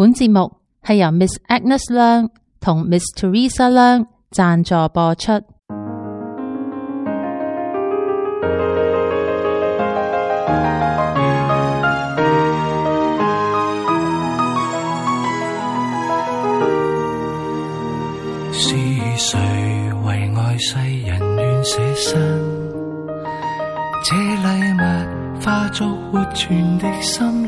本節目係由 Miss Agnes 梁同 Miss Teresa 梁贊助播出。是誰為愛世人願捨身？這禮物化作活存的心。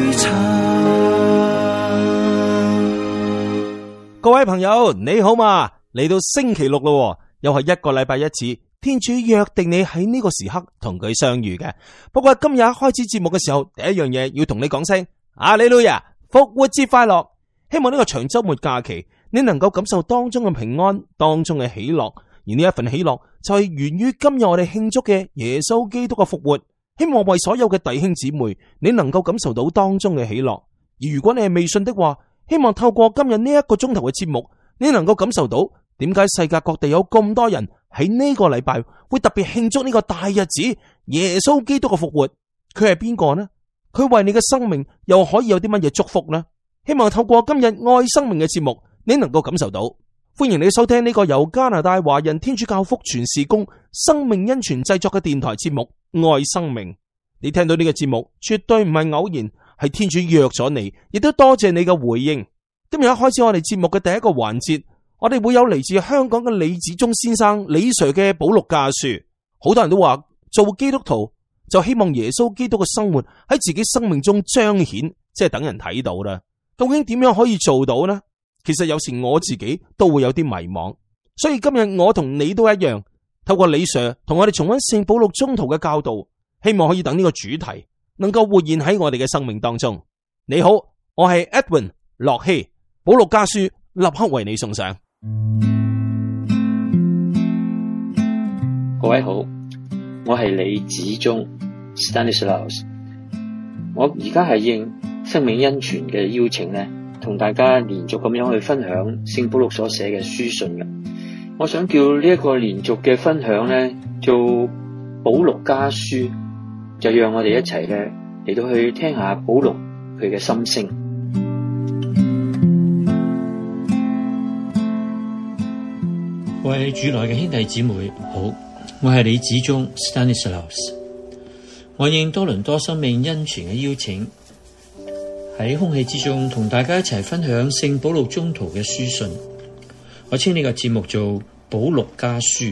各位朋友，你好嘛？嚟到星期六咯，又係一個禮拜一次，天主約定你喺呢個時刻同佢相遇嘅。不過今日開始節目嘅時候，第一樣嘢要同你講聲，阿肋路亞，復活節快樂！希望呢個長周末假期，你能夠感受當中嘅平安，當中嘅喜樂，而呢一份喜樂就係源於今日我哋慶祝嘅耶穌基督嘅復活。希望為所有嘅弟兄姊妹，你能夠感受到當中嘅喜樂。而如果你係未信的話，希望透過今日呢一個鐘頭嘅節目，你能夠感受到點解世界各地有咁多人喺呢個禮拜會特別慶祝呢個大日子，耶穌基督嘅復活。佢係邊個呢？佢為你嘅生命又可以有啲乜嘢祝福呢？希望透過今日愛生命嘅節目，你能夠感受到。歡迎你收聽呢個由加拿大華人天主教福傳事工生命恩泉製作嘅電台節目《愛生命》。你聽到呢個節目絕對唔係偶然。係天主約咗你，亦都多謝你嘅回應。今日一開始我哋節目嘅第一個環節，我哋會有嚟自香港嘅李子忠先生李 Sir 嘅《保祿家書》。好多人都話做基督徒就希望耶穌基督嘅生活喺自己生命中彰顯，即係等人睇到啦。究竟點樣可以做到呢？其實有時我自己都會有啲迷茫，所以今日我同你都一樣，透過李 Sir 同我哋重溫聖保祿宗徒嘅教導，希望可以等呢個主題能夠活現喺我哋嘅生命當中。你好，我係 Edwin 洛希，保祿家書立刻為你送上。各位好，我係李子忠 Stanislaus。我而家係應生命恩泉嘅邀請咧，同大家連續咁樣去分享聖保祿所寫嘅書信嘅。我想叫呢一個連續嘅分享咧，做保祿家書。就讓我哋一齊咧嚟到去聽下保祿佢嘅心聲。為主內嘅兄弟姊妹好，我係李子忠 Stanislaus，我應多倫多生命恩泉嘅邀請，喺空氣之中同大家一齊分享聖保祿中途嘅書信。我稱呢個節目做保祿家書。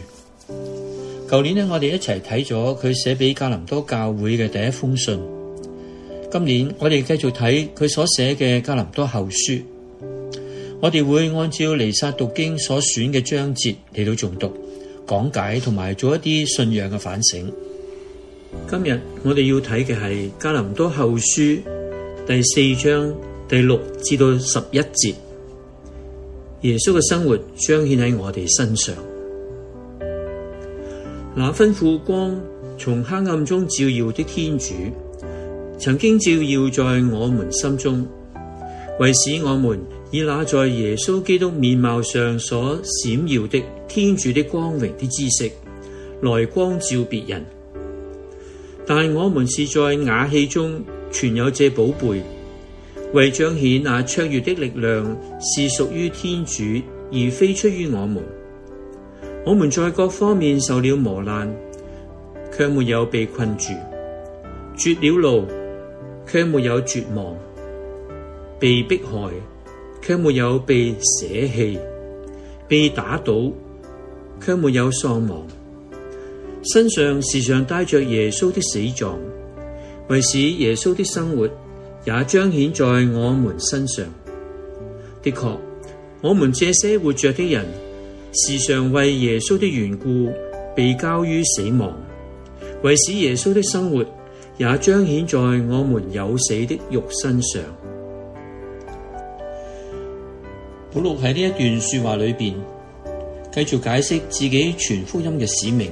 舊年我哋一齊睇咗佢寫俾加林多教會嘅第一封信。今年我哋繼續睇佢所寫嘅加林多後書，我哋會按照彌撒讀經所選嘅章節嚟到誦讀、講解同埋做一啲信仰嘅反省。今日我哋要睇嘅係加林多後書第四章第六至到十一節，耶穌嘅生活彰顯喺我哋身上。那吩咐光從黑暗中照耀的天主，曾經照耀在我們心中，為使我們以那在耶穌基督面貌上所閃耀的天主的光榮的知識，來光照別人。但我們是在瓦器中存有這寶貝，為彰顯那卓越的力量是屬於天主，而非出於我們。我們在各方面受了磨難，卻沒有被困住；絕了路，卻沒有絕望；被迫害，卻沒有被捨棄；被打倒，卻沒有喪亡。身上時常帶着耶穌的死狀，為使耶穌的生活也彰顯在我們身上。的確，我們這些活着的人。時常為耶穌的緣故被交於死亡，為使耶穌的生活也彰顯在我們有死的肉身上。保羅喺呢一段說話裏邊，繼續解釋自己全福音嘅使命。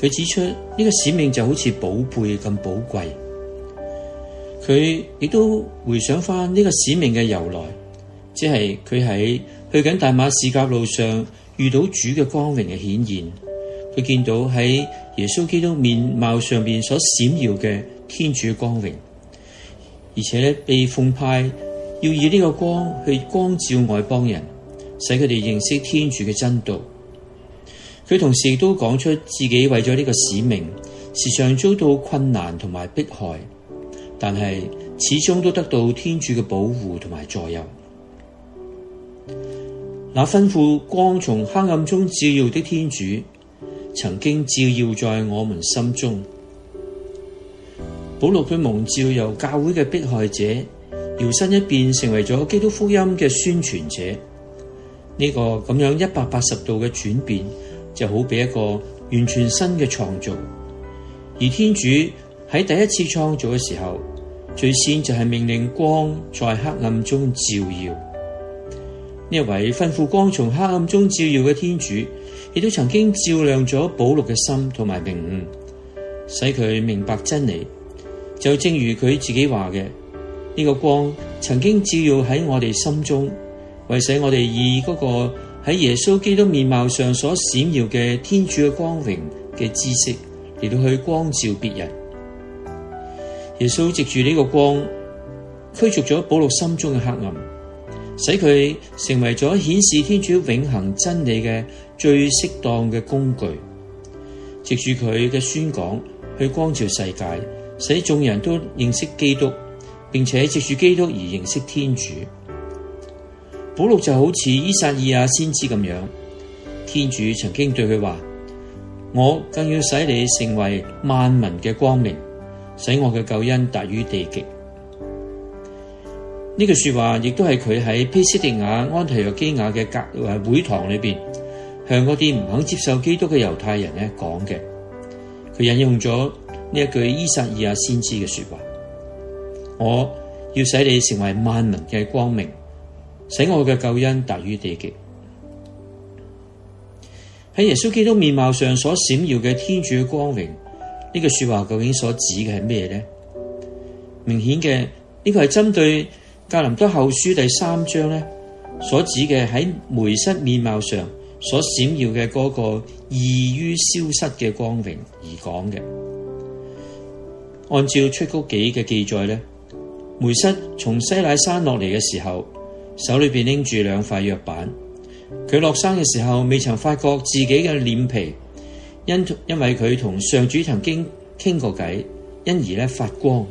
佢指出呢個使命就好似寶貝咁寶貴。佢亦都回想翻呢個使命嘅由來，即係佢喺去緊大馬士革路上。遇到主嘅光榮嘅顯現，佢見到喺耶穌基督面貌上邊所閃耀嘅天主嘅光榮，而且呢，被奉派要以呢個光去光照外邦人，使佢哋認識天主嘅真道。佢同時亦都講出自己為咗呢個使命，時常遭到困難同埋迫害，但係始終都得到天主嘅保護同埋助佑。那吩咐光從黑暗中照耀的天主，曾經照耀在我們心中。保祿佢蒙照，由教會嘅迫害者搖身一變，成為咗基督福音嘅宣傳者。呢、這個咁樣一百八十度嘅轉變，就好比一個完全新嘅創造。而天主喺第一次創造嘅時候，最先就係命令光在黑暗中照耀。.呢一位吩咐光從黑暗中照耀嘅天主，亦都曾經照亮咗保祿嘅心同埋明悟，使佢明白真理。就正如佢自己話嘅，呢、這個光曾經照耀喺我哋心中，為使我哋以嗰個喺耶穌基督面貌上所閃耀嘅天主嘅光榮嘅知識，嚟到去光照別人。耶穌藉住呢個光，驅逐咗保祿心中嘅黑暗。使佢成為咗顯示天主永恆真理嘅最適當嘅工具，藉住佢嘅宣講去光照世界，使眾人都認識基督，並且藉住基督而認識天主。保祿就好似依撒意亞先知咁樣，天主曾經對佢話：我更要使你成為萬民嘅光明，使我嘅救恩達於地極。呢句說話亦都係佢喺披斯狄雅、安提約基雅嘅格會堂裏邊向嗰啲唔肯接受基督嘅猶太人咧講嘅。佢引用咗呢一句依撒意亞先知嘅說話：我要使你成為萬民嘅光明，使我嘅救恩達於地極。喺耶穌基督面貌上所閃耀嘅天主嘅光榮，呢句說話究竟所指嘅係咩咧？明顯嘅呢個係針對。《格林多後書》第三章咧，所指嘅喺梅瑟面貌上所閃耀嘅嗰個易於消失嘅光榮而講嘅。按照出谷紀嘅記載呢，梅瑟從西乃山落嚟嘅時候，手裏邊拎住兩塊藥板。佢落山嘅時候，未曾發覺自己嘅臉皮，因因為佢同上主曾經傾過偈，因而咧發光。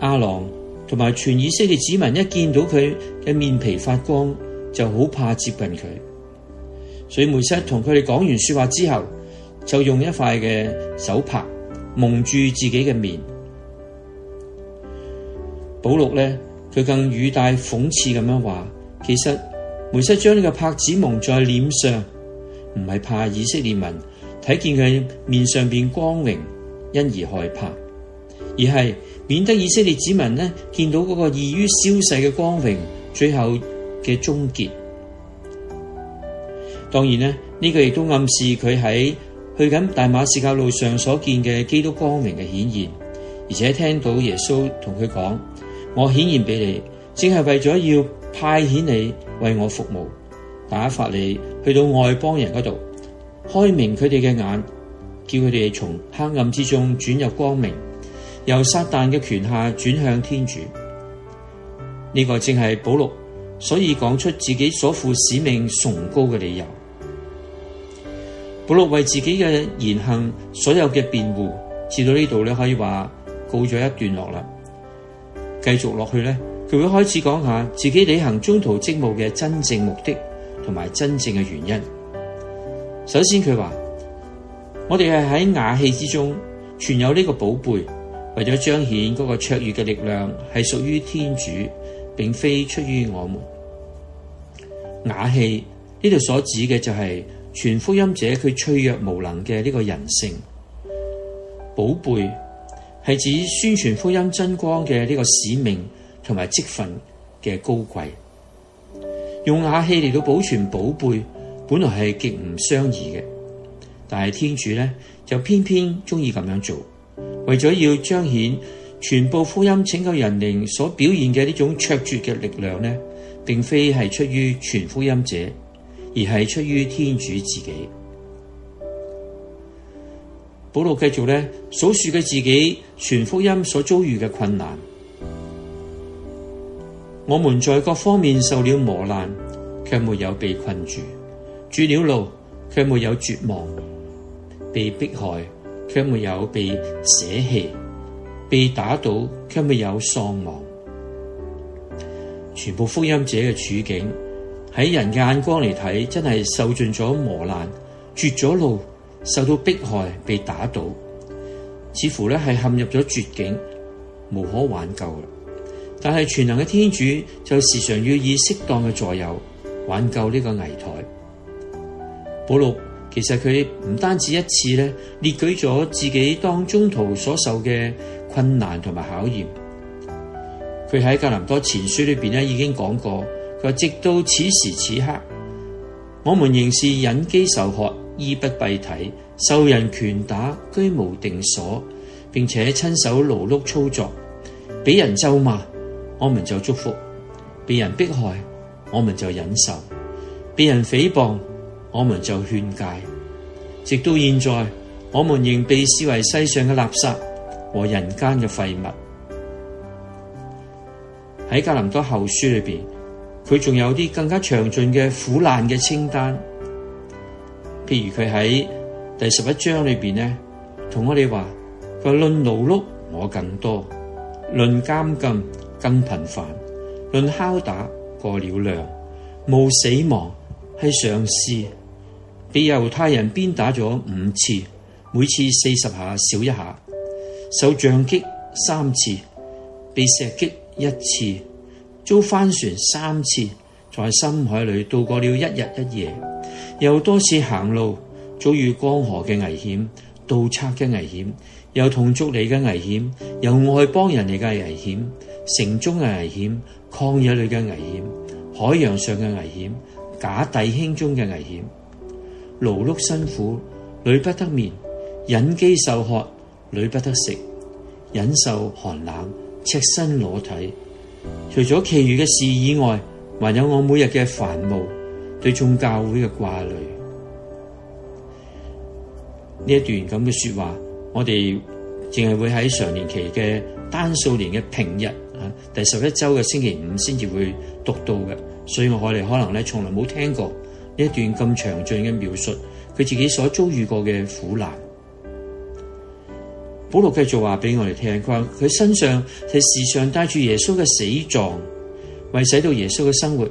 阿朗。同埋全以色列子民一見到佢嘅面皮發光，就好怕接近佢。所以梅瑟同佢哋講完說話之後，就用一塊嘅手帕蒙住自己嘅面。保禄呢，佢更語帶諷刺咁樣話：，其實梅瑟將呢個帕子蒙在臉上，唔係怕以色列民睇見佢面上邊光榮因而害怕，而係。免得以色列子民呢見到嗰個易於消逝嘅光榮，最後嘅終結。當然呢，呢、這個亦都暗示佢喺去緊大馬士革路上所見嘅基督光榮嘅顯現，而且聽到耶穌同佢講：我顯現俾你，正係為咗要派遣你為我服務，打發你去到外邦人嗰度，開明佢哋嘅眼，叫佢哋從黑暗之中轉入光明。由撒旦嘅權下轉向天主，呢、這個正係保祿所以講出自己所負使命崇高嘅理由。保祿為自己嘅言行所有嘅辯護，至到呢度咧可以話告咗一段落啦。繼續落去咧，佢會開始講下自己履行中途職務嘅真正目的同埋真正嘅原因。首先佢話：我哋係喺瓦器之中存有呢個寶貝。為咗彰顯嗰個卓越嘅力量，係屬於天主，並非出於我們。瓦器呢度所指嘅就係傳福音者佢脆弱無能嘅呢個人性，寶貝係指宣傳福音真光嘅呢個使命同埋積份嘅高貴。用瓦器嚟到保存寶貝，本來係極唔相宜嘅，但係天主咧就偏偏中意咁樣做。為咗要彰顯全部福音拯救人靈所表現嘅呢種卓絕嘅力量呢，並非係出於傳福音者，而係出於天主自己。保羅繼續呢，數數嘅自己傳福音所遭遇嘅困難，我們在各方面受了磨難，卻沒有被困住；絕了路，卻沒有絕望，被迫害。卻沒有被捨棄，被打倒，卻沒有喪亡。全部福音者嘅處境喺人嘅眼光嚟睇，真係受盡咗磨難、絕咗路、受到迫害、被打倒，似乎咧係陷入咗絕境，無可挽救。但係全能嘅天主就時常要以適當嘅助佑挽救呢個危殆。保祿。其實佢唔單止一次咧，列舉咗自己當中途所受嘅困難同埋考驗。佢喺格林多前書裏邊咧已經講過，佢話，直到此時此刻，我們仍是忍飢受渴、衣不蔽體、受人拳打、居無定所，並且親手勞碌操作，俾人咒罵，我們就祝福；俾人迫害，我們就忍受；俾人誹謗，我們就勸戒。直到現在，我們仍被視為世上嘅垃圾和人間嘅廢物。喺格林多後書裏面，佢仲有啲更加詳盡嘅苦難嘅清單，譬如佢喺第十一章裏面呢，同我哋話：佢論勞碌，我更多，論監禁，更頻繁，論敲打，過了量，無死亡，係上司。被猶太人鞭打咗五次，每次四十下少一下；受杖擊三次，被石擊一次，遭翻船三次，在深海裏度過了一日一夜，又多次行路，遭遇江河嘅危險、盜賊嘅危險、又同族嚟嘅危險、又外邦人哋嘅危險、城中嘅危險、曠野裏嘅危險、海洋上嘅危險、假弟兄中嘅危險。勞碌辛苦，屢不得眠；忍飢受渴，屢不得食；忍受寒冷，赤身裸體。除咗其餘嘅事以外，還有我每日嘅繁忙，對眾教會嘅掛慮。呢一段咁嘅說話，我哋淨係會喺常年期嘅單數年嘅平日啊，第十一周嘅星期五先至會讀到嘅，所以我我哋可能咧，從來冇聽過。呢一段咁詳盡嘅描述，佢自己所遭遇過嘅苦難。保羅繼續話俾我哋聽，佢話佢身上係時常帶住耶穌嘅死狀，為使到耶穌嘅生活，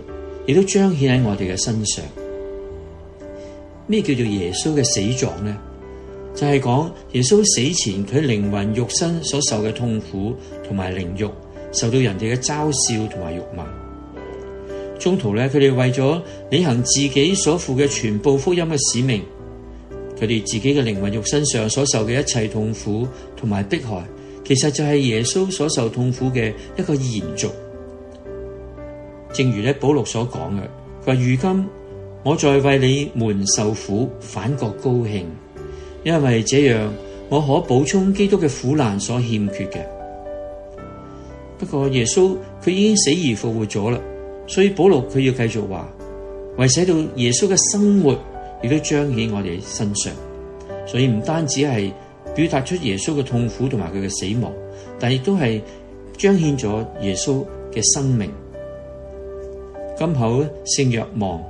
亦都彰顯喺我哋嘅身上。咩叫做耶穌嘅死狀咧？就係講耶穌死前佢靈魂肉身所受嘅痛苦，同埋凌辱，受到人哋嘅嘲笑同埋辱罵。中途咧，佢哋為咗履行自己所負嘅全部福音嘅使命，佢哋自己嘅靈魂肉身上所受嘅一切痛苦同埋迫害，其實就係耶穌所受痛苦嘅一個延續。正如咧保祿所講嘅，佢話：如今我在為你們受苦，反覺高興，因為這樣我可補充基督嘅苦難所欠缺嘅。不過耶穌佢已經死而復活咗啦。所以保祿佢要繼續話，為使到耶穌嘅生活，亦都彰顯我哋身上。所以唔單止係表達出耶穌嘅痛苦同埋佢嘅死亡，但亦都係彰顯咗耶穌嘅生命。今後咧，聖若望，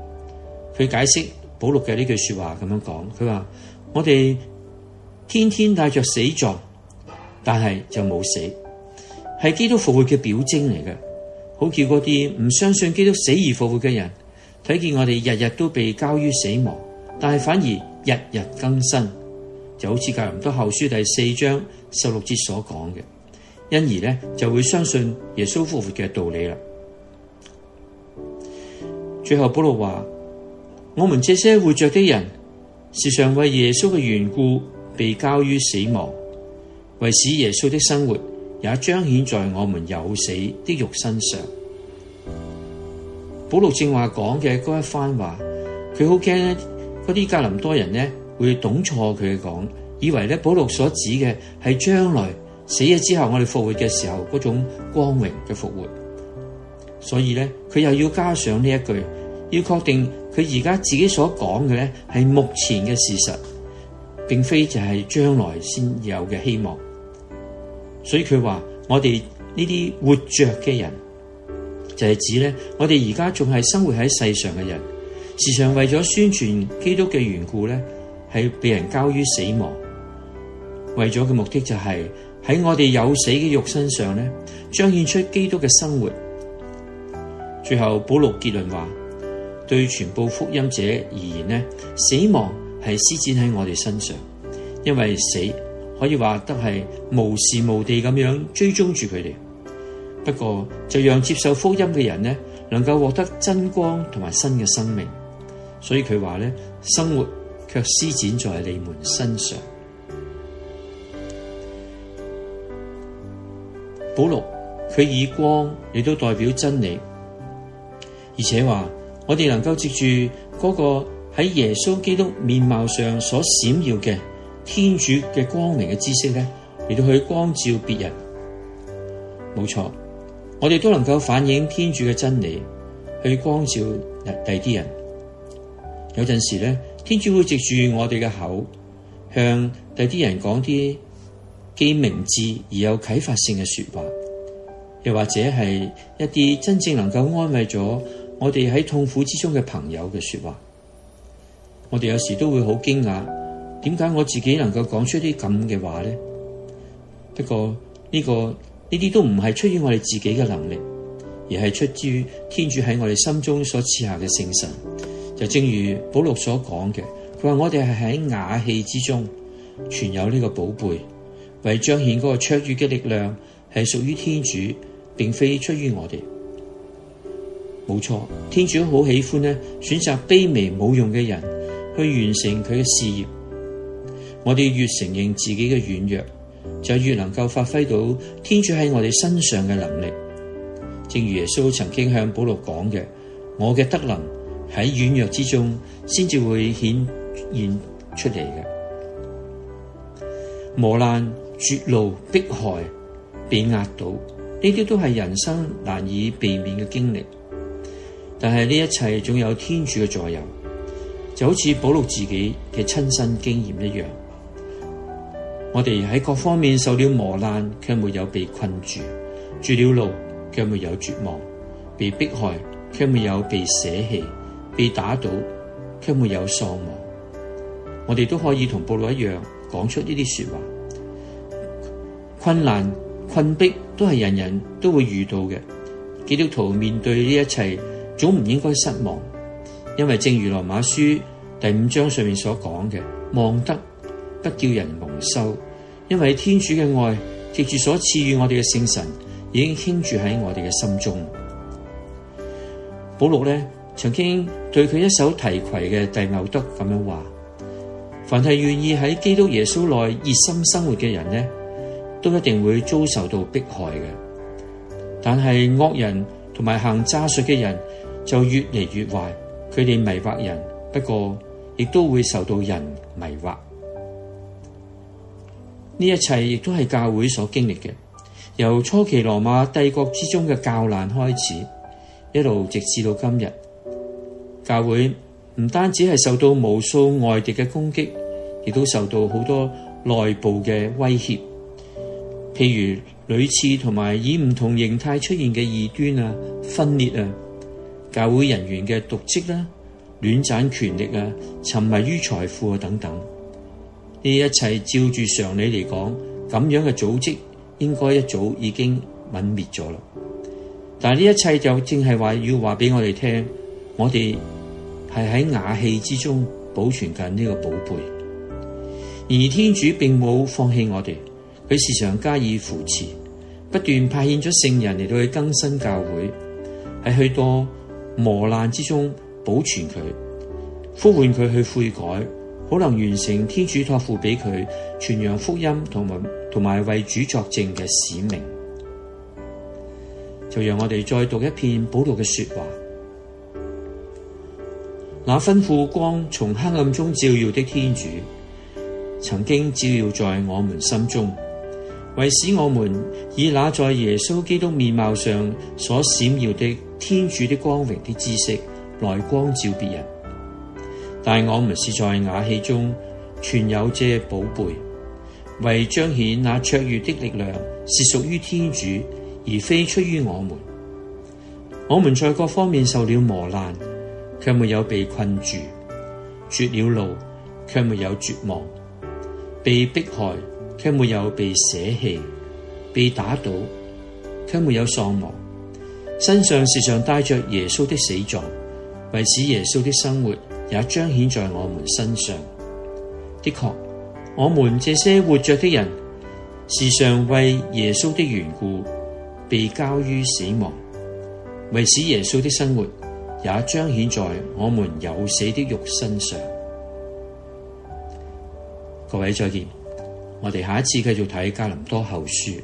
佢解釋保祿嘅呢句話說話咁樣講，佢話我哋天天帶着死狀，但係就冇死，係基督復活嘅表徵嚟嘅。好叫嗰啲唔相信基督死而復活嘅人睇見我哋日日都被交於死亡，但係反而日日更新，就好似格林多後書第四章十六節所講嘅，因而咧就會相信耶穌復活嘅道理啦。最後保羅話：我們這些活着的人，時常為耶穌嘅緣故被交於死亡，為使耶穌的生活，也彰顯在我們有死的肉身上。保祿正話講嘅嗰一番話，佢好驚咧，嗰啲格林多人咧會懂錯佢嘅講，以為咧保祿所指嘅係將來死咗之後我哋復活嘅時候嗰種光榮嘅復活。所以咧，佢又要加上呢一句，要確定佢而家自己所講嘅咧係目前嘅事實，並非就係將來先有嘅希望。所以佢話我哋呢啲活着嘅人，就係、是、指咧，我哋而家仲係生活喺世上嘅人，時常為咗宣傳基督嘅緣故呢，係被人交於死亡。為咗嘅目的就係喺我哋有死嘅肉身上呢，彰顯出基督嘅生活。最後保祿結論話，對全部福音者而言呢，死亡係施展喺我哋身上，因為死。可以話得係無時無地咁樣追蹤住佢哋，不過就讓接受福音嘅人呢，能夠獲得真光同埋新嘅生命。所以佢話咧，生活卻施展在你們身上。保羅佢以光亦都代表真理，而且話我哋能夠接住嗰個喺耶穌基督面貌上所閃耀嘅天主嘅光明嘅知識咧，嚟到去光照別人。冇錯，我哋都能夠反映天主嘅真理，去光照第啲人。有陣時咧，天主會藉住我哋嘅口，向第啲人講啲既明智而有啟發性嘅說話，又或者係一啲真正能夠安慰咗我哋喺痛苦之中嘅朋友嘅說話。我哋有時都會好驚訝。點解我自己能夠講出啲咁嘅話咧？不過呢、呢個呢啲都唔係出於我哋自己嘅能力，而係出自於天主喺我哋心中所賜下嘅聖神。就正如保祿所講嘅，佢話我哋係喺瓦器之中存有呢個寶貝，為彰顯嗰個卓越嘅力量係屬於天主，並非出於我哋。冇錯，天主好喜歡咧，選擇卑微冇用嘅人去完成佢嘅事業。我哋越承認自己嘅軟弱，就越能夠發揮到天主喺我哋身上嘅能力。正如耶穌曾經向保祿講嘅：我嘅德能喺軟弱之中，先至會顯現出嚟嘅。磨難、絕路、迫害、被壓倒，呢啲都係人生難以避免嘅經歷。但係呢一切總有天主嘅在有，就好似保祿自己嘅親身經驗一樣。我哋喺各方面受了磨難，卻沒有被困住；住了路，卻沒有絕望；被迫害，卻沒有被捨棄；被打倒，卻沒有喪亡。我哋都可以同保羅一樣講出呢啲說話。困難、困逼都係人人都會遇到嘅。基督徒面對呢一切，總唔應該失望，因為正如羅馬書第五章上面所講嘅，望得。不叫人蒙羞，因為天主嘅愛藉住所賜予我哋嘅聖神，已經傾注喺我哋嘅心中。保禄呢，曾經對佢一手提携嘅弟茂德咁樣話：凡係願意喺基督耶穌內熱心生活嘅人呢，都一定會遭受到迫害嘅。但係惡人同埋行詐術嘅人就越嚟越壞，佢哋迷惑人，不過亦都會受到人迷惑。呢一切亦都係教會所經歷嘅，由初期羅馬帝國之中嘅教難開始，一路直直至到今日，教會唔單止係受到無數外敵嘅攻擊，亦都受到好多內部嘅威脅，譬如屢次同埋以唔同形態出現嘅異端啊、分裂啊、教會人員嘅瀆職啊、亂賺權力啊、沉迷於財富啊等等。呢一切照住常理嚟講，咁樣嘅組織應該一早已經泯滅咗啦。但係呢一切就正係話要話俾我哋聽，我哋係喺瓦器之中保存緊呢個寶貝，而天主並冇放棄我哋，佢時常加以扶持，不斷派遣咗聖人嚟到去更新教會，喺許多磨難之中保存佢，呼喚佢去悔改。可能完成天主托付俾佢傳揚福音同埋同埋為主作證嘅使命，就讓我哋再讀一篇保羅嘅說話。那吩咐光從黑暗中照耀的天主，曾經照耀在我們心中，為使我們以那在耶穌基督面貌上所閃耀的天主的光榮的知識，來光照別人。但我們是在瓦器中存有這寶貝，為彰顯那卓越的力量是屬於天主，而非出於我們。我們在各方面受了磨難，卻沒有被困住；絕了路，卻沒有絕望；被迫害，卻沒有被捨棄，卻沒有被捨棄；被打倒，卻沒有喪亡。身上時常帶着耶穌的死狀，為使耶穌的生活。也彰顯在我們身上。的確，我們這些活着的人，時常為耶穌的緣故被交於死亡，為使耶穌的生活也彰顯在我們有死的肉身上。各位再見，我哋下一次繼續睇加林多後書。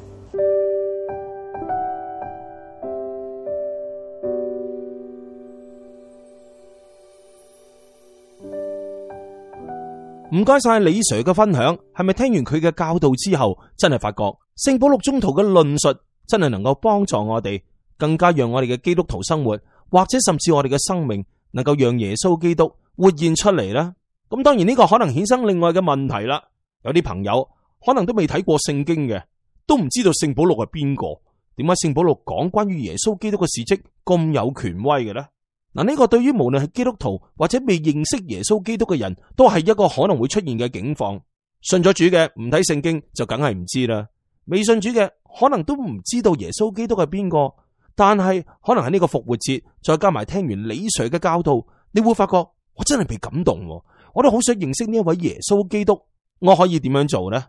唔該晒李 sir 嘅分享，係咪聽完佢嘅教導之後，真係發覺聖保祿宗徒嘅論述真係能夠幫助我哋，更加讓我哋嘅基督徒生活，或者甚至我哋嘅生命能夠讓耶穌基督活現出嚟呢？咁當然呢個可能衍生另外嘅問題啦，有啲朋友可能都未睇過聖經嘅，都唔知道聖保祿係邊個，點解聖保祿講關於耶穌基督嘅事蹟咁有權威嘅呢？嗱，呢個對於無論係基督徒或者未認識耶穌基督嘅人都係一個可能會出現嘅境況。信咗主嘅唔睇聖經就梗係唔知啦。未信主嘅可能都唔知道耶穌基督係邊個，但係可能喺呢個復活節再加埋聽完李瑞嘅教導，你會發覺我真係被感動，我都好想認識呢一位耶穌基督。我可以點樣做咧？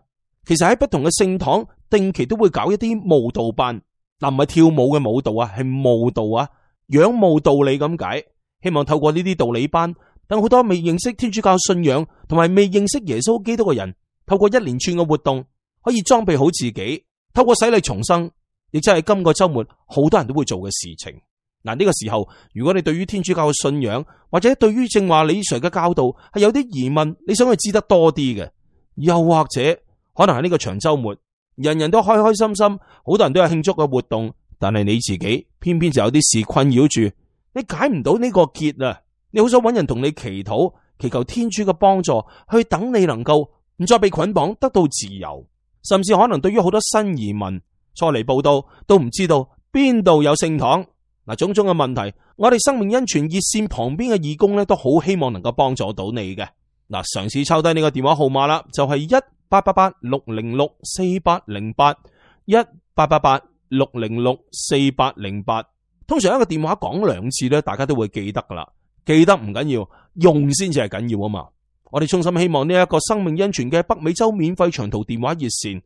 其實喺不同嘅聖堂定期都會搞一啲舞、慕道班，嗱唔係跳舞嘅舞蹈啊，係慕道啊。仰慕道理咁解，希望透過呢啲道理班，等好多未認識天主教信仰同埋未認識耶穌基督嘅人，透過一連串嘅活動，可以裝備好自己，透過洗禮重生，亦即係今個週末好多人都會做嘅事情。嗱，呢個時候，如果你對於天主教嘅信仰或者對於正話李 Sir 嘅教導係有啲疑問，你想去知得多啲嘅，又或者可能係呢個長週末，人人都開開心心，好多人都有慶祝嘅活動。但係你自己偏偏就有啲事困擾住，你解唔到呢個結啊！你好想揾人同你祈禱，祈求天主嘅幫助，去等你能夠唔再被捆綁，得到自由。甚至可能對於好多新移民初嚟報道，都唔知道邊度有聖堂嗱，種種嘅問題，我哋生命恩泉熱線旁邊嘅義工咧都好希望能夠幫助到你嘅。嗱，嘗試抄低呢個電話號碼啦，就係一八八八六零六四八零八一八八八。六零六四八零八，8，通常一個電話講兩次咧，大家都會記得噶啦。記得唔緊要，用先至係緊要啊嘛。我哋衷心希望呢一個生命恩泉嘅北美洲免費長途電話熱線，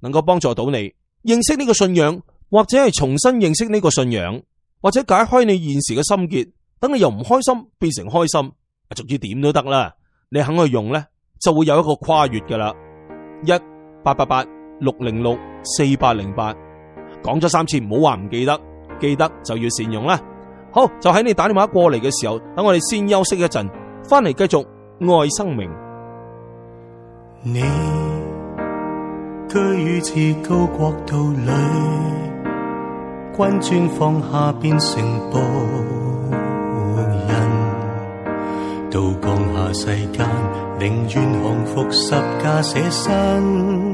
能夠幫助到你認識呢個信仰，或者係重新認識呢個信仰，或者解開你現時嘅心結，等你由唔開心變成開心，總之點都得啦。你肯去用咧，就會有一個跨越噶啦。一八八八六零六四八零八。講咗三次，唔好話唔記得，記得就要善用啦。好，就喺你打電話過嚟嘅時候，等我哋先休息一陣，翻嚟繼續愛生命。你居於至高國度裏，君尊放下，變成僕人，道降下世間，寧願降服十架捨身。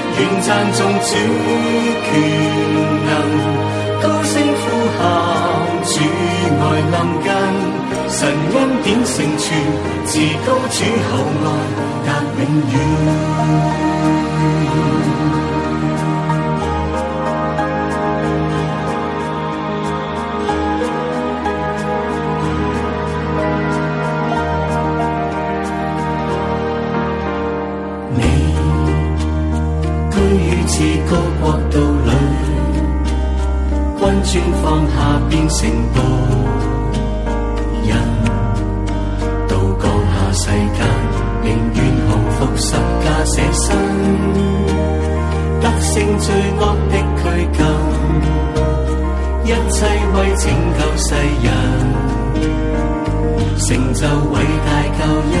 願讚頌主權能，高聲呼喊主愛臨近。神恩典成全，自高主厚愛達永遠。惡道裏，君尊放下變成道人。道降下世間，寧願降伏十架捨身，得勝罪惡的軀幹，一切為拯救世人，成就偉大救恩。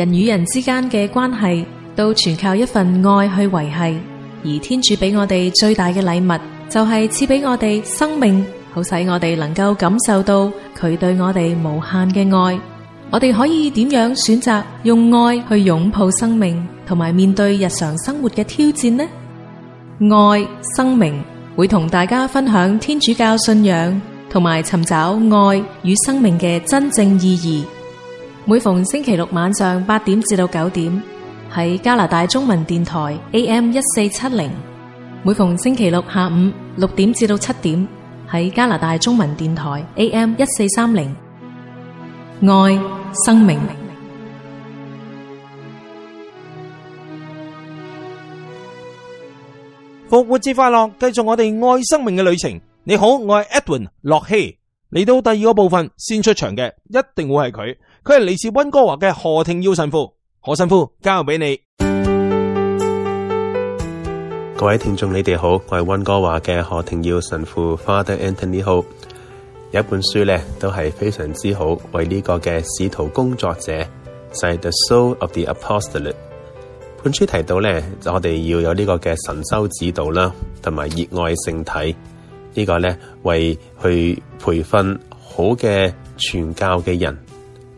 人與人之間嘅關係，都全靠一份愛去維繫。而天主俾我哋最大嘅禮物，就係賜俾我哋生命，好使我哋能夠感受到佢對我哋無限嘅愛。我哋可以點樣選擇用愛去擁抱生命，同埋面對日常生活嘅挑戰呢？愛，生命，會同大家分享天主教信仰，同埋尋找愛與生命嘅真正意義。每逢星期六晚上八點至到九點喺加拿大中文電台 A.M. 一四七零；每逢星期六下午六點至到七點喺加拿大中文電台 A.M. 一四三零。愛生命。復活節快樂，繼續我哋愛生命嘅旅程。你好，我係 Edwin 洛希。嚟到第二個部分先出場嘅，一定會係佢。佢係嚟自溫哥華嘅何庭耀神父，何神父，交俾你。各位聽眾，你哋好，我係溫哥華嘅何庭耀神父 Father Anthony。Ho 好有一本書咧，都係非常之好，為呢個嘅使徒工作者就係、是、The Soul of the Apostolate。本書提到咧，我哋要有呢個嘅神修指導啦，同埋熱愛聖體、這個、呢個咧，為去培訓好嘅傳教嘅人。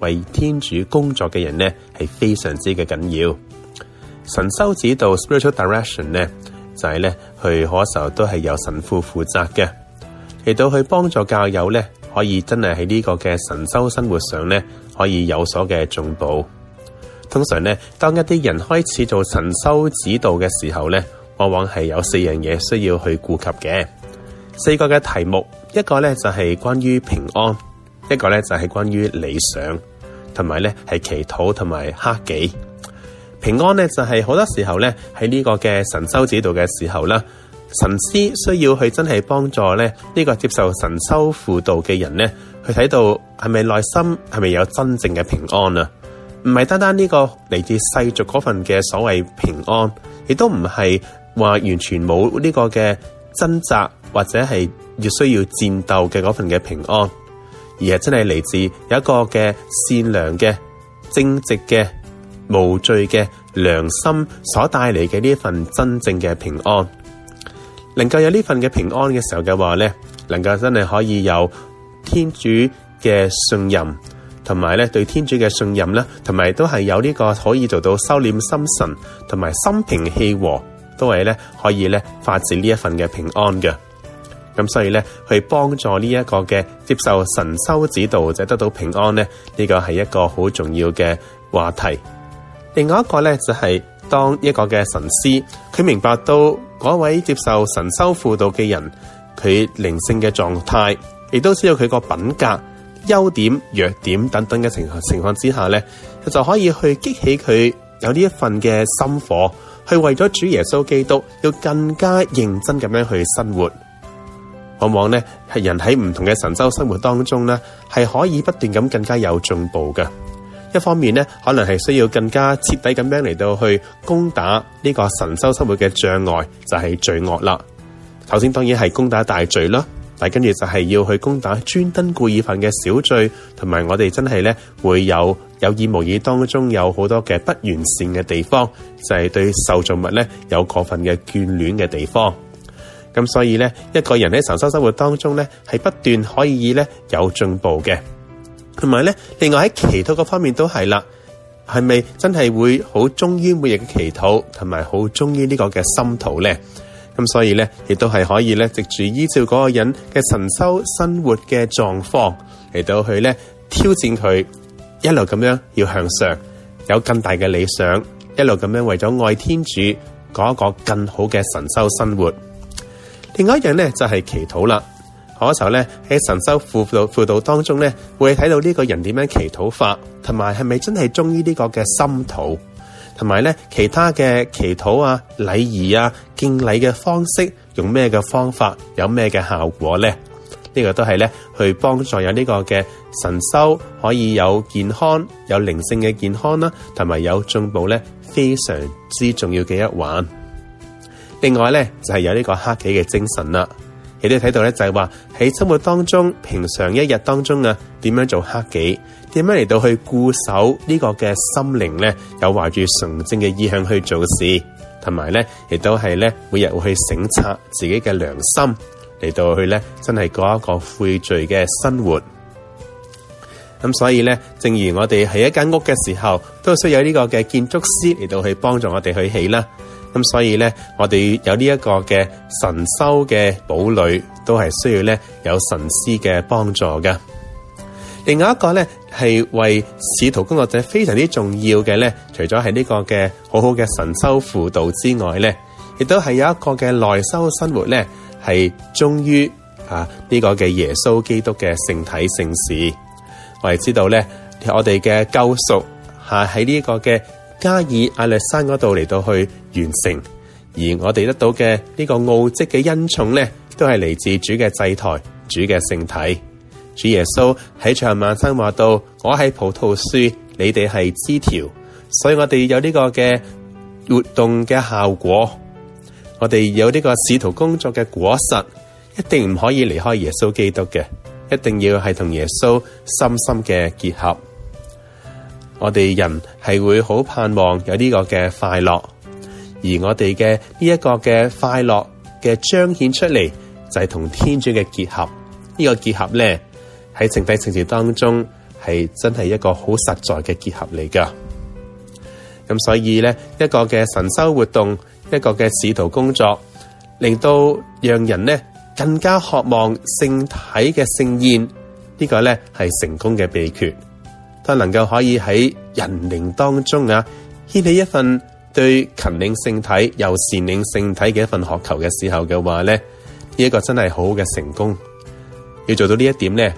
為天主工作嘅人呢，係非常之嘅緊要。神修指導 （spiritual direction） 呢，就係、是、呢，佢可受都係由神父負責嘅，嚟到去幫助教友呢，可以真係喺呢個嘅神修生活上呢，可以有所嘅進步。通常呢，當一啲人開始做神修指導嘅時候呢，往往係有四樣嘢需要去顧及嘅。四個嘅題目，一個呢就係、是、關於平安，一個呢就係、是、關於理想。同埋咧，係祈禱同埋克己平安咧，就係、是、好多時候咧，喺呢個嘅神修指導嘅時候啦，神師需要去真係幫助咧呢、這個接受神修輔導嘅人咧，去睇到係咪內心係咪有真正嘅平安啊？唔係單單呢個嚟自世俗嗰份嘅所謂平安，亦都唔係話完全冇呢個嘅掙扎或者係要需要戰鬥嘅嗰份嘅平安。而係真係嚟自有一個嘅善良嘅正直嘅無罪嘅良心所帶嚟嘅呢一份真正嘅平安，能夠有呢份嘅平安嘅時候嘅話呢能夠真係可以有天主嘅信任，同埋呢對天主嘅信任呢同埋都係有呢個可以做到收斂心神，同埋心平氣和，都係呢可以呢發自呢一份嘅平安嘅。咁所以咧，去幫助呢一個嘅接受神修指導，者、就是、得到平安咧。呢、呢個係一個好重要嘅話題。另外一個咧，就係、是、當一個嘅神師，佢明白到嗰位接受神修輔導嘅人，佢靈性嘅狀態，亦都知道佢個品格、優點、弱點等等嘅情情況之下咧，佢就，就可以去激起佢有呢一份嘅心火，去為咗主耶穌基督要更加認真咁樣去生活。往往咧，係人喺唔同嘅神修生活當中咧，係可以不斷咁更加有進步嘅。一方面咧，可能係需要更加徹底咁樣嚟到去攻打呢個神修生活嘅障礙，就係罪惡啦。頭先當然係攻打大罪啦，但係跟住就係要去攻打專登故意犯嘅小罪，同埋我哋真係咧會有有意無意當中有好多嘅不完善嘅地方，就係對受造物咧有過分嘅眷戀嘅地方。咁所以咧，一個人喺神修生活當中咧，係不斷可以咧有進步嘅。同埋咧，另外喺祈禱嗰方面都係啦，係咪真係會好忠於每日嘅祈禱，同埋好忠於呢個嘅心禱咧？咁所以咧，亦都係可以咧，藉住依照嗰個人嘅神修生活嘅狀況嚟到去咧挑戰佢一路咁樣要向上，有更大嘅理想，一路咁樣為咗愛天主嗰一個更好嘅神修生活。另外一樣咧就係、是、祈禱啦，嗰時候咧喺神修輔導輔導當中咧，會睇到呢個人點樣祈禱法，同埋係咪真係中意呢個嘅心禱，同埋咧其他嘅祈禱啊、禮儀啊、敬禮嘅方式，用咩嘅方法，有咩嘅效果咧？呢、這個都係咧去幫助有呢個嘅神修可以有健康、有靈性嘅健康啦、啊，同埋有進步咧，非常之重要嘅一環。另外咧，就係、是、有呢個克己嘅精神啦。你都睇到咧，就係話喺生活當中、平常一日當中啊，點樣做克己，點樣嚟到去固守呢個嘅心靈咧，有懷住純正嘅意向去做事，同埋咧，亦都係咧，每日會去省察自己嘅良心，嚟到去咧，真係過一個悔罪嘅生活。咁、嗯、所以咧，正如我哋喺一間屋嘅時候，都需要有呢個嘅建築師嚟到去幫助我哋去起啦。咁所以呢，我哋有呢一個嘅神修嘅堡壘，都係需要呢有神師嘅幫助噶。另外一個呢，係為使徒工作者非常之重要嘅呢，除咗係呢個嘅好好嘅神修輔導之外呢，亦都係有一個嘅內修生活呢，係忠於啊呢個嘅耶穌基督嘅聖體聖事。我哋知道呢，我哋嘅救贖吓喺呢個嘅。加以亞歷山嗰度嚟到去完成，而我哋得到嘅呢個奧迹嘅恩寵咧，都係嚟自主嘅祭台、主嘅聖體。主耶穌喺長晚生話到：我係葡萄樹，你哋係枝條。所以我哋有呢個嘅活動嘅效果，我哋有呢個使徒工作嘅果實，一定唔可以離開耶穌基督嘅，一定要係同耶穌深深嘅結合。我哋人係會好盼望有呢個嘅快樂，而我哋嘅呢一個嘅快樂嘅彰顯出嚟，就係同天主嘅結合。呢個結合咧，喺聖體聖事當中係真係一個好實在嘅結合嚟噶。咁所以咧，一個嘅神修活動，一個嘅使徒工作，令到讓人咧更加渴望聖體嘅聖宴。這個、呢個咧係成功嘅秘訣。但能夠可以喺人靈當中啊，掀起一份對勤領聖體又善領聖體嘅一份渴求嘅時候嘅話咧，呢、呢、一個真係好嘅成功。要做到呢一點咧，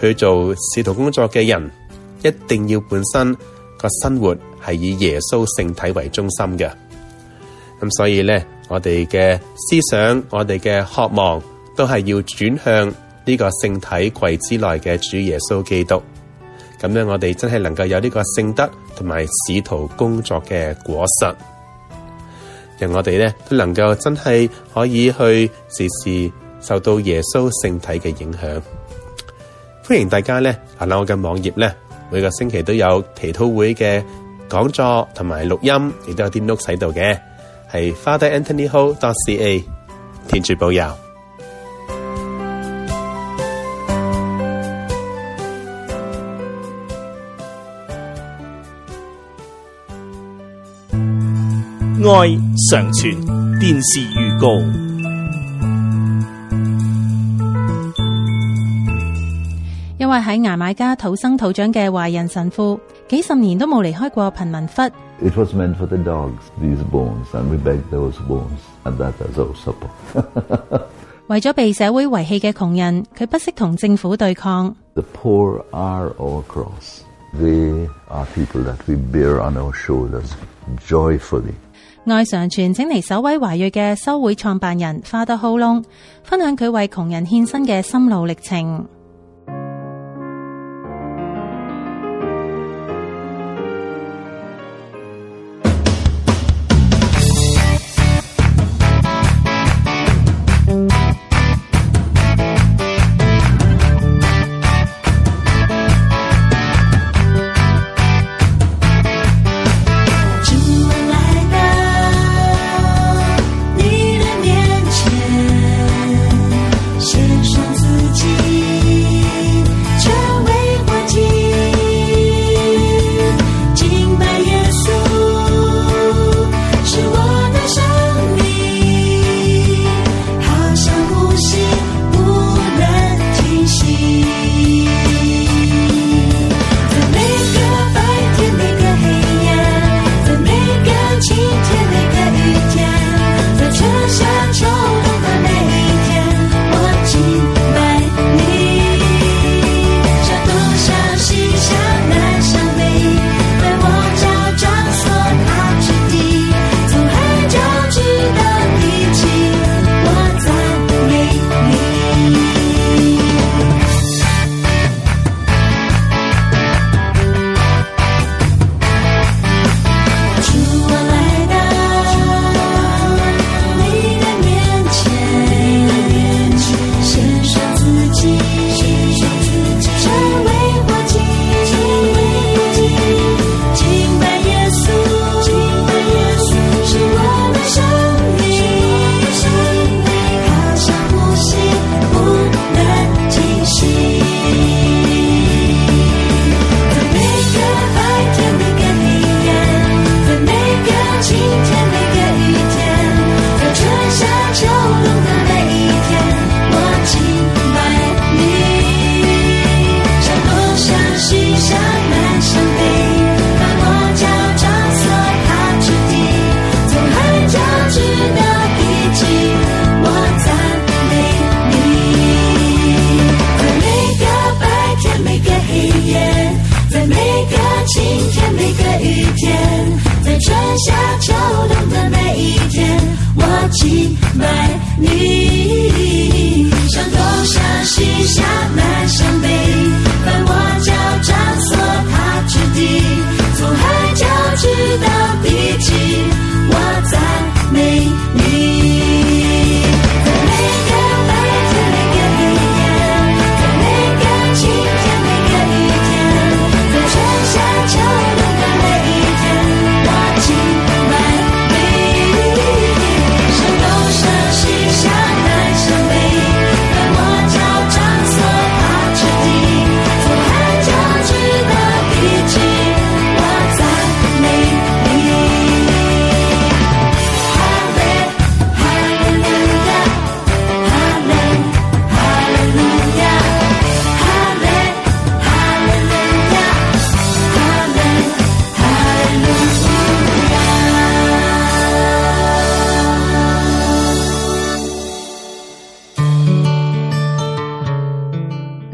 去做使徒工作嘅人，一定要本身個生活係以耶穌聖體為中心嘅。咁所以咧，我哋嘅思想、我哋嘅渴望，都係要轉向呢個聖體櫃之內嘅主耶穌基督。咁樣，我哋真係能夠有呢個聖德同埋使徒工作嘅果實，讓我哋咧都能夠真係可以去時時受到耶穌聖體嘅影響。歡迎大家咧，行啦我嘅網頁咧，每個星期都有祈禱會嘅講座同埋錄音，亦都有啲 note 喺度嘅，係 Father Anthony Ho dot CA，天主保佑。愛常傳電視預告：一位喺牙買加土生土長嘅華人神父，幾十年都冇離開過貧民窟。為咗被社會遺棄嘅窮人，佢不惜同政府對抗。愛常傳，請嚟首位華裔嘅修會創辦人花德浩窿，分享佢為窮人獻身嘅心路歷程。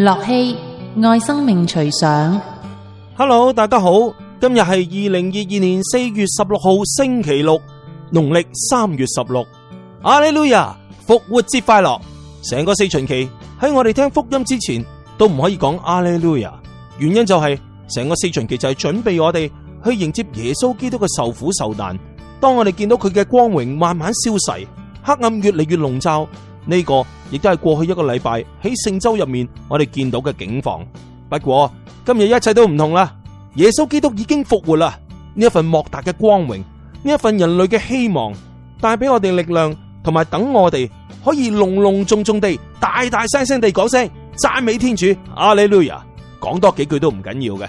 樂器愛生命隨想，Hello，大家好，今日係二零二二年四月十六號星期六，農曆三月十六，阿利路亞復活節快樂！成個四旬期喺我哋聽福音之前都唔可以講阿利路亞。原因就係、是、成個四旬期就係準備我哋去迎接耶穌基督嘅受苦受難。當我哋見到佢嘅光榮慢慢消逝，黑暗越嚟越籠罩。呢個亦都係過去一個禮拜喺聖週入面，我哋見到嘅景況。不過今日一切都唔同啦。耶穌基督已經復活啦，呢一份莫大嘅光榮，呢一份人類嘅希望，帶俾我哋力量，同埋等我哋可以隆隆重重地、大大聲聲地講聲讚美天主。阿利路亞，講多幾句都唔緊要嘅。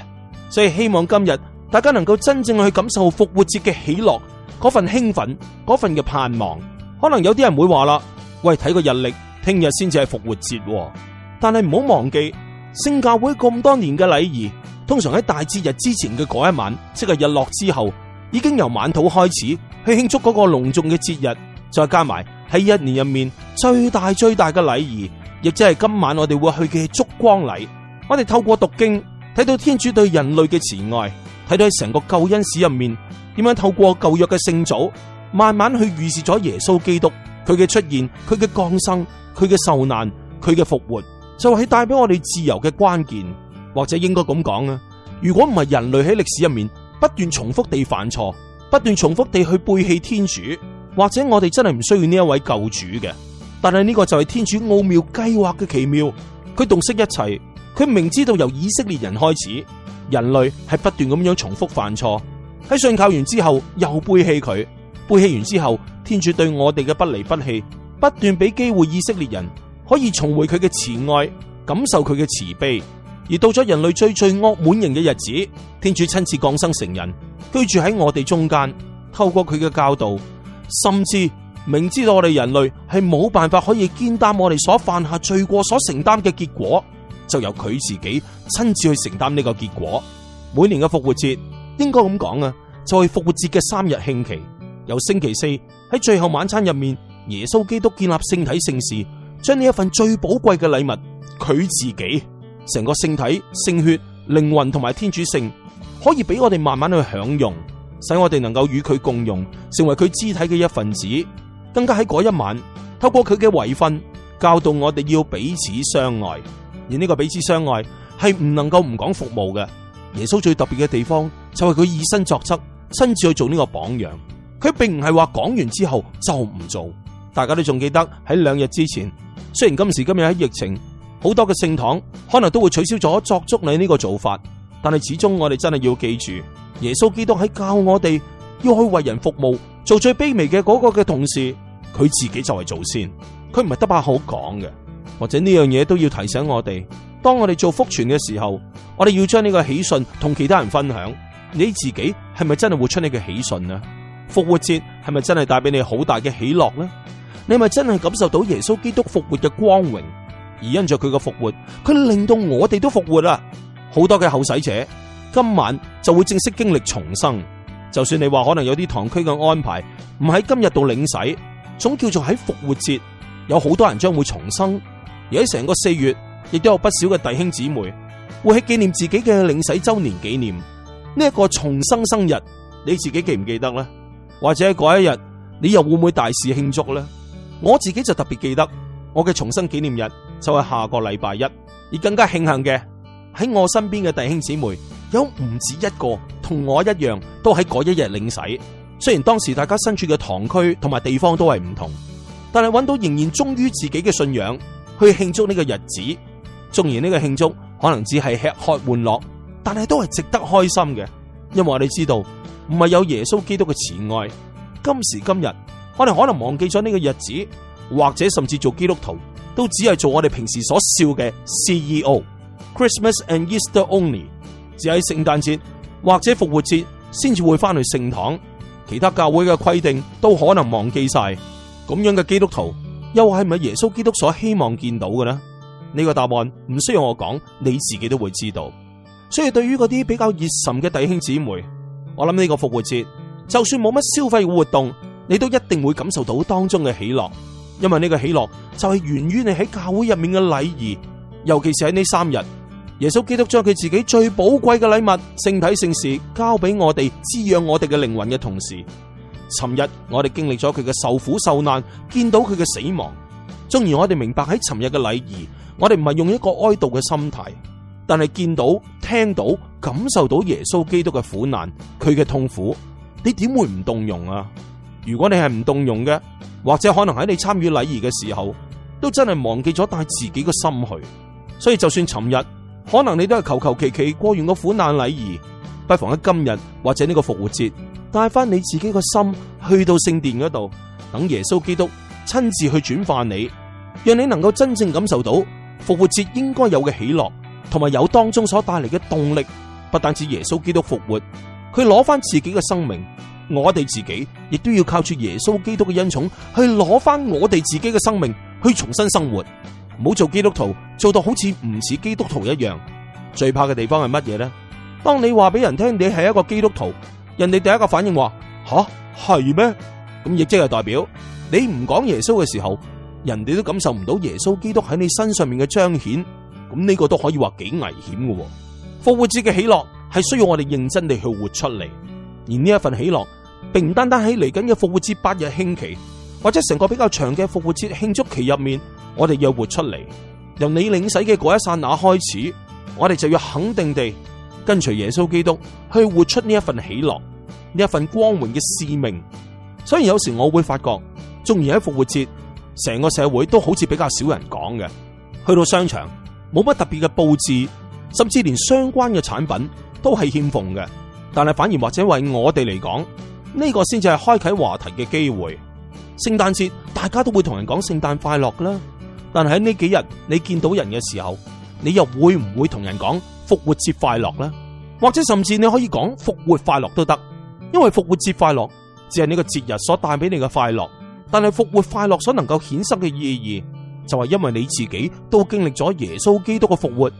所以希望今日大家能夠真正去感受復活節嘅喜樂，嗰份興奮，嗰份嘅盼望。可能有啲人會話啦。喂，睇個日曆，聽日先至係復活節哦，但係唔好忘記聖教會咁多年嘅禮儀，通常喺大節日之前嘅嗰一晚，即係日落之後，已經由晚禱開始去慶祝嗰個隆重嘅節日。再加埋喺一年入面最大最大嘅禮儀，亦即係今晚我哋會去嘅燭光禮。我哋透過讀經，睇到天主對人類嘅慈愛，睇到喺成個救恩史入面，點樣透過舊約嘅聖祖，慢慢去預示咗耶穌基督。佢嘅出現，佢嘅降生，佢嘅受難，佢嘅復活，就係帶俾我哋自由嘅關鍵，或者應該咁講啊！如果唔係人類喺歷史入面不斷重複地犯錯，不斷重複地去背棄天主，或者我哋真係唔需要呢一位救主嘅。但係呢個就係天主奧妙計劃嘅奇妙，佢洞悉一切，佢明知道由以色列人開始，人類係不斷咁樣重複犯錯，喺信靠完之後又背棄佢。背棄完之後，天主對我哋嘅不離不棄，不斷俾機會以色列人可以重回佢嘅慈愛，感受佢嘅慈悲。而到咗人類最最惡滿盈嘅日子，天主親自降生成人，居住喺我哋中間，透過佢嘅教導，甚至明知道我哋人類係冇辦法可以肩擔我哋所犯下罪過所承擔嘅結果，就由佢自己親自去承擔呢個結果。每年嘅復活節，應該咁講啊，就係復活節嘅三日慶期。由星期四喺最後晚餐入面，耶穌基督建立聖體聖事，將呢一份最寶貴嘅禮物，佢自己成個聖體聖血、靈魂同埋天主性，可以俾我哋慢慢去享用，使我哋能夠與佢共用，成為佢肢體嘅一份子。更加喺嗰一晚，透過佢嘅遺訓，教導我哋要彼此相愛。而呢個彼此相愛係唔能夠唔講服務嘅。耶穌最特別嘅地方就係、是、佢以身作則，親自去做呢個榜樣。佢並唔係話講完之後就唔做，大家都仲記得喺兩日之前。雖然今時今日喺疫情，好多嘅聖堂可能都會取消咗濯足禮呢個做法，但係始終我哋真係要記住，耶穌基督喺教我哋要去為人服務，做最卑微嘅嗰個嘅同時，佢自己就係做先，佢唔係得把口講嘅。或者呢樣嘢都要提醒我哋，當我哋做福傳嘅時候，我哋要將呢個喜訊同其他人分享。你自己係咪真係活出你嘅喜訊呢？復活節係咪真係帶俾你好大嘅喜樂呢？你係咪真係感受到耶穌基督復活嘅光榮，而因着佢嘅復活，佢令到我哋都復活啦。好多嘅后使者今晚就會正式經歷重生。就算你話可能有啲堂區嘅安排唔喺今日度領洗，總叫做喺復活節有好多人將會重生。而喺成個四月，亦都有不少嘅弟兄姊妹會喺紀念自己嘅領洗週年紀念呢一個重生生日，你自己記唔記得呢？或者嗰一日你又會唔會大肆慶祝咧？我自己就特別記得我嘅重生紀念日就係下個禮拜一，而更加慶幸嘅喺我身邊嘅弟兄姊妹有唔止一個同我一樣都喺嗰一日領洗。雖然當時大家身處嘅堂區同埋地方都係唔同，但係搵到仍然忠於自己嘅信仰去慶祝呢個日子，縱然呢個慶祝可能只係吃喝玩樂，但係都係值得開心嘅，因為你知道。唔係有耶穌基督嘅慈愛，今時今日我哋可能忘記咗呢個日子，或者甚至做基督徒都只係做我哋平時所笑嘅 C E O Christmas and Easter only，只喺聖誕節或者復活節先至會翻去聖堂，其他教會嘅規定都可能忘記晒咁樣嘅基督徒，又係咪耶穌基督所希望見到嘅呢？呢、呢個答案唔需要我講，你自己都會知道。所以對於嗰啲比較熱心嘅弟兄姊妹。我諗呢個復活節，就算冇乜消費活動，你都一定會感受到當中嘅喜樂，因為呢個喜樂就係源於你喺教會入面嘅禮儀，尤其是喺呢三日，耶穌基督將佢自己最寶貴嘅禮物聖體聖事交俾我哋滋養我哋嘅靈魂嘅同時，尋日我哋經歷咗佢嘅受苦受難，見到佢嘅死亡，從而我哋明白喺尋日嘅禮儀，我哋唔係用一個哀悼嘅心態。但係見到、聽到、感受到耶穌基督嘅苦難，佢嘅痛苦，你點會唔動容啊？如果你係唔動容嘅，或者可能喺你參與禮儀嘅時候，都真係忘記咗帶自己個心去。所以就算尋日可能你都係求求其其過完個苦難禮儀，不妨喺今日或者呢個復活節，帶翻你自己個心去到聖殿嗰度，等耶穌基督親自去轉化你，讓你能夠真正感受到復活節應該有嘅喜樂。同埋有當中所帶嚟嘅動力，不單止耶穌基督復活，佢攞翻自己嘅生命，我哋自己亦都要靠住耶穌基督嘅恩寵去攞翻我哋自己嘅生命去重新生活，唔好做基督徒做到好似唔似基督徒一樣。最怕嘅地方係乜嘢咧？當你話俾人聽你係一個基督徒，人哋第一個反應話：吓？係咩？咁亦即係代表你唔講耶穌嘅時候，人哋都感受唔到耶穌基督喺你身上面嘅彰顯。咁呢個都可以話幾危險嘅。復活節嘅喜樂係需要我哋認真地去活出嚟，而呢一份喜樂並唔單單喺嚟緊嘅復活節八日慶期或者成個比較長嘅復活節慶祝期入面，我哋要活出嚟。由你領洗嘅嗰一剎那開始，我哋就要肯定地跟隨耶穌基督去活出呢一份喜樂，呢一份光榮嘅使命。所以有時我會發覺，縱然喺復活節，成個社會都好似比較少人講嘅，去到商場。冇乜特別嘅布置，甚至連相關嘅產品都係欠奉嘅。但係反而或者為我哋嚟講，呢個先至係開啟話題嘅機會。聖誕節大家都會同人講聖誕快樂啦，但係喺呢幾日你見到人嘅時候，你又會唔會同人講復活節快樂呢？或者甚至你可以講復活快樂都得，因為復活節快樂只係你個節日所帶俾你嘅快樂，但係復活快樂所能夠衍生嘅意義。就係因為你自己都經歷咗耶穌基督嘅復活，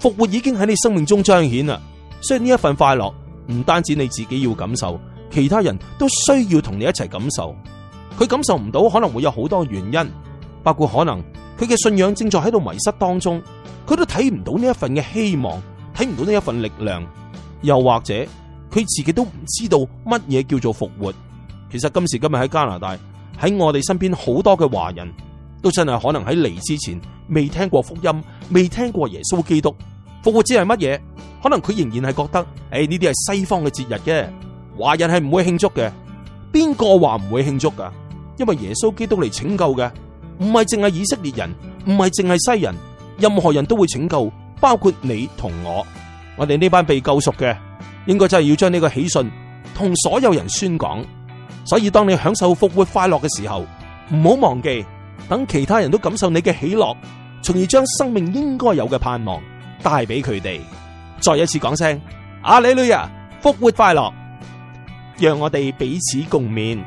復活已經喺你生命中彰顯啦。所以呢一份快樂，唔單止你自己要感受，其他人都需要同你一齊感受。佢感受唔到，可能會有好多原因，包括可能佢嘅信仰正在喺度迷失當中，佢都睇唔到呢一份嘅希望，睇唔到呢一份力量。又或者佢自己都唔知道乜嘢叫做復活。其實今時今日喺加拿大，喺我哋身邊好多嘅華人。都真係可能喺嚟之前未聽過福音，未聽過耶穌基督復活節係乜嘢？可能佢仍然係覺得，誒呢啲係西方嘅節日嘅，華人係唔會慶祝嘅。邊個話唔會慶祝㗎？因為耶穌基督嚟拯救嘅，唔係淨係以色列人，唔係淨係西人，任何人都會拯救，包括你同我。我哋呢班被救贖嘅，應該就係要將呢個喜訊同所有人宣講。所以當你享受復活快樂嘅時候，唔好忘記。等其他人都感受你嘅喜樂，從而將生命應該有嘅盼望帶俾佢哋。再一次講聲，阿肋路亞，復活快樂！讓我哋彼此共勉。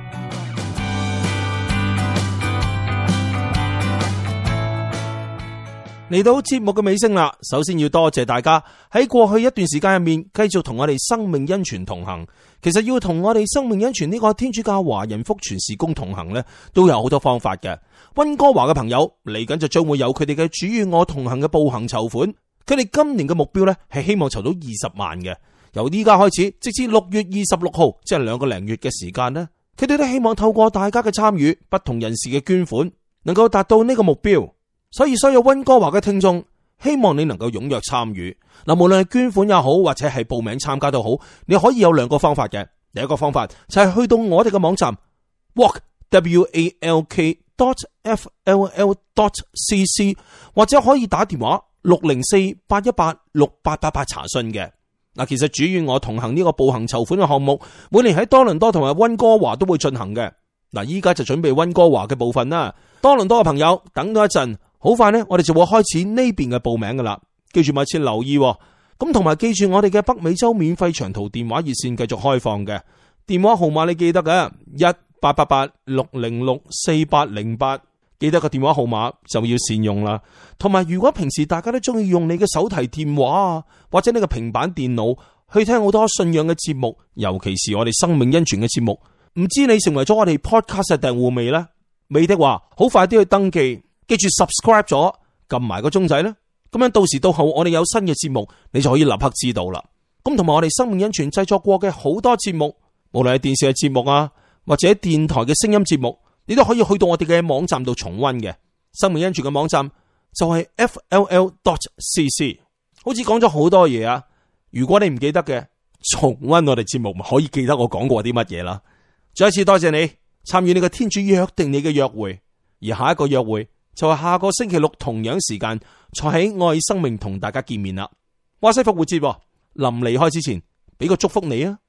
嚟到節目嘅尾聲啦，首先要多謝大家喺過去一段時間入面繼續同我哋生命恩泉同行。其實要同我哋生命恩泉呢個天主教華人福傳事工同行呢，都有好多方法嘅。溫哥華嘅朋友嚟緊就將會有佢哋嘅主與我同行嘅步行籌款，佢哋今年嘅目標呢，係希望籌到二十萬嘅。由依家開始，直至六月二十六號，即係兩個零月嘅時間呢，佢哋都希望透過大家嘅參與，不同人士嘅捐款，能夠達到呢個目標。所以，所有温哥華嘅聽眾，希望你能夠踊躍參與嗱，無論係捐款也好，或者係報名參加都好，你可以有兩個方法嘅。第一個方法就係去到我哋嘅網站 walk w a l k dot f l l dot c c，或者可以打電話六零四八一八六八八八查詢嘅嗱。其實主要我同行呢個步行籌款嘅項目，每年喺多倫多同埋温哥華都會進行嘅嗱。依家就準備温哥華嘅部分啦，多倫多嘅朋友，等多一陣。好快呢，我哋就會開始呢邊嘅報名噶啦。記住密切留意咁，同埋記住我哋嘅北美洲免費長途電話熱線繼續開放嘅電話號碼，你記得嘅一八八八六零六四八零八，8, 記得個電話號碼就要善用啦。同埋，如果平時大家都中意用你嘅手提電話啊，或者你個平板電腦去聽好多信仰嘅節目，尤其是我哋生命恩泉嘅節目，唔知你成為咗我哋 podcast 嘅訂戶未呢？未的話好快啲去登記。記住 subscribe 咗，撳埋個鐘仔啦，咁樣到時到後，我哋有新嘅節目，你就可以立刻知道啦。咁同埋我哋生命恩泉製作過嘅好多節目，無論係電視嘅節目啊，或者電台嘅聲音節目，你都可以去到我哋嘅網站度重溫嘅。生命恩泉嘅網站就係 fll dot cc。好似講咗好多嘢啊！如果你唔記得嘅，重溫我哋節目，咪可以記得我講過啲乜嘢啦。再一次多謝你參與你個天主約定你嘅約會，而下一個約會，就係下個星期六同樣時間，坐喺愛生命同大家見面啦。哇！西復活節臨離開之前，俾個祝福你啊！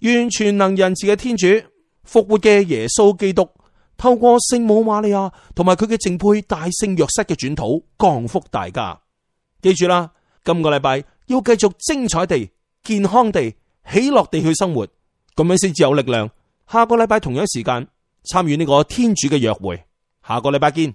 願全能仁慈嘅天主復活嘅耶穌基督，透過聖母瑪利亞同埋佢嘅淨配大聖若瑟嘅轉禱降福大家。記住啦，今個禮拜要繼續精彩地、健康地、喜樂地去生活，咁樣先至有力量。下個禮拜同樣時間參與呢個天主嘅約會。下個禮拜見。